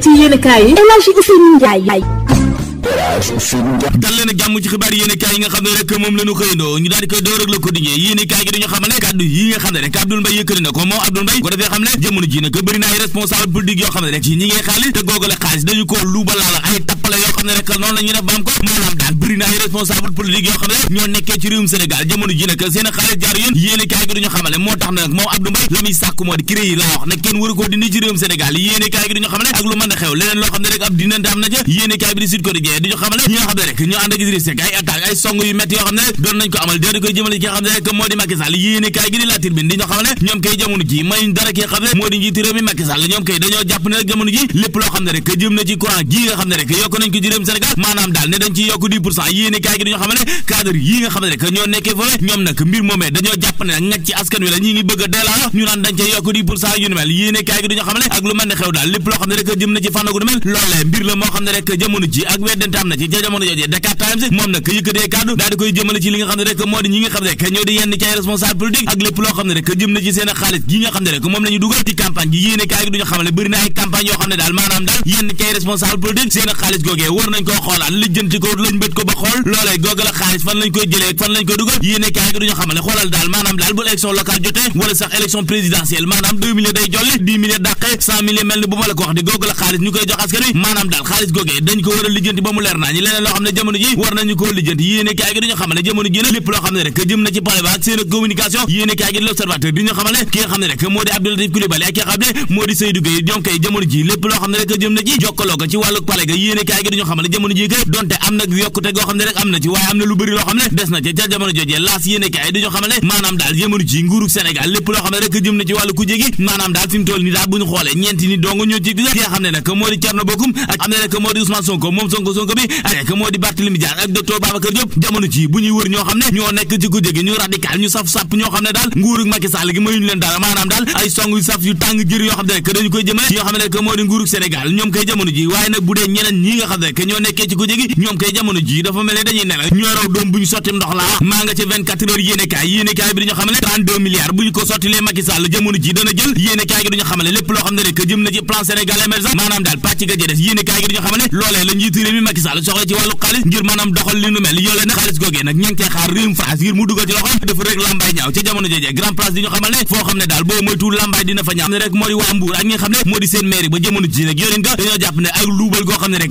ci yéenekaay yi El Hadji Ousseynou Ndiaye dal leen ci xibaar yéenekaay yi nga xam ne moom la ñu xëyandoo ñu daal di koy door ak Le Quotidien yéenekaay gi dañu xamal ne kàddu yi nga xam ne rek ko moom Abdoul Mbaye ko defee xam ne jamono ji nag bëri na ay responsable politique yoo xam ne ñi ngay xaalis te googale xaalis dañu ko luubalaal ay tap la yoo xam a xew leneen loo xam ne rek ay song yu métti yoo xam ne rek doon ko nañ ko ci réewum maanaam daal ne dañ ci yokk 10 pour cent yéen i gi duñu xam ne bëri na yoo xam daal maanaam daal yenn ci responsable politique seen xaalis googee war nañ koo xoolaat lijjanti ko lañ bët ko ba xool loolee googa la xaalis fan lañ koy jëlee fan lañ koy dugal yéene duñu xamal xoolal daal maanaam daal bu élection locale jotee wala sax élection présidentielle maanaam deux millions day jolli dix millions dàqe mel ni bu ma la ko wax di googa xaalis ñu koy jox askan maanaam daal xaalis googee dañ ko war a lijjanti ba mu leer naa ñi leneen loo xam ne jamono ji war nañu ko ci wàllu palais ga yéene kaay kaay gi dañu xamal jamono ji kay donte am nag yokkute goo xam ne rek am na ci waaye am na lu bëri loo xam ne des na ca ca jamono jojee laas yéene kaay dañu xamal ne maanaam daal jamono ji nguuru xam ne na ci moo di Thierno Bocoum ak xam ne nag moo di bi ak moo di Barthélémy Dias ak docteur Babacar Diop jamono ji bu ñuy wër ñoo xam ne ñoo nekk ci ku jégi ñu radical ñu saf sàpp ñoo xam ne daal nguuru Macky Sall gi mayuñu leen daal maanaam daal ay song yu nga xam ne ji dana jël yéenekaay gi dañu xam ne lépp loo xam mi Macky soxla ci wàllu xaalis ngir maanaam doxal li nu mel yoolee nag xaalis googee nag ña ngi xaar réewum France ngir mu dugal ci loxo xamal ne foo xam ne daal boo moytu lambaay dina fa ñaaw moo di waa Mbour ak ñi xam ne moo di seen mairie ba jamono ji nag yooleen nga dañoo jàpp ne ak luubal goo xam ne rek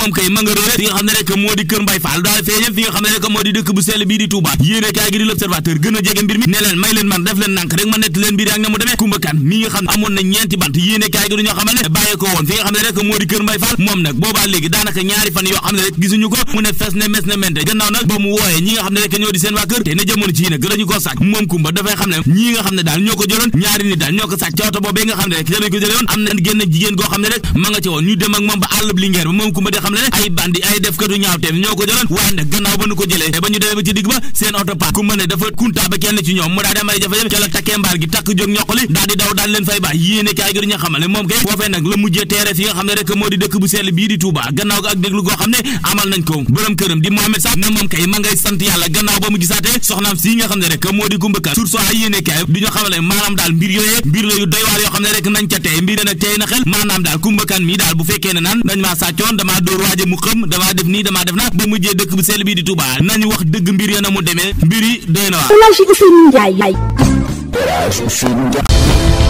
moom kay ma nga réere fi nga xam ne rek moo di kër Mbay Faal daal feeñam fi nga xam ne rek moo di dëkk bu sell bii di Touba yéene kaay gi di l'observateur gën a jege mbir mi ne leen may leen man def leen nànk rek ma nett leen mbir ak na mu demee Kumba Kan mi nga xam ne amoon na ñeenti bant yéene kaay gi duñu xamal ne bàyyi ko woon fi nga xam ne rek moo di kër Mbay Faal moom nag boobaa léegi daanaka ñaari fan yoo xam ne rek gisuñu ko mu ne fes ne mes na mente gannaaw nag ba mu wooyee ñi nga xam ne rek ñoo di seen waa kër te na jamono ci nag lañu ko sàcc moom Kumba dafay xam ne ñi nga xam ne daal ñoo ko jëloon ñaari nit daal ñoo ko sàcc ca oto boobee nga xam ne rek lañu ko jëlee woon am na génn jigéen goo xam ne rek ma nga ca woon ñu dem ak moom ba àll bi Linguère ba moom Kumba xam ne ay bandi ay defkatu ñaawteef ñoo ko jëloon waaye nag gannaaw ba nu ko jëlee mbir yooyee nag tey na xel maanaam daal kumbakan mi daal bu fekkee ne naan dañ maa sàccoon damaa dóor waaje mu xëm damaa def nii damaa def naa ba jee dëkk bu sell bii di Touba nañu wax dëgg mbir ya na mu demee mbir yi doy na waa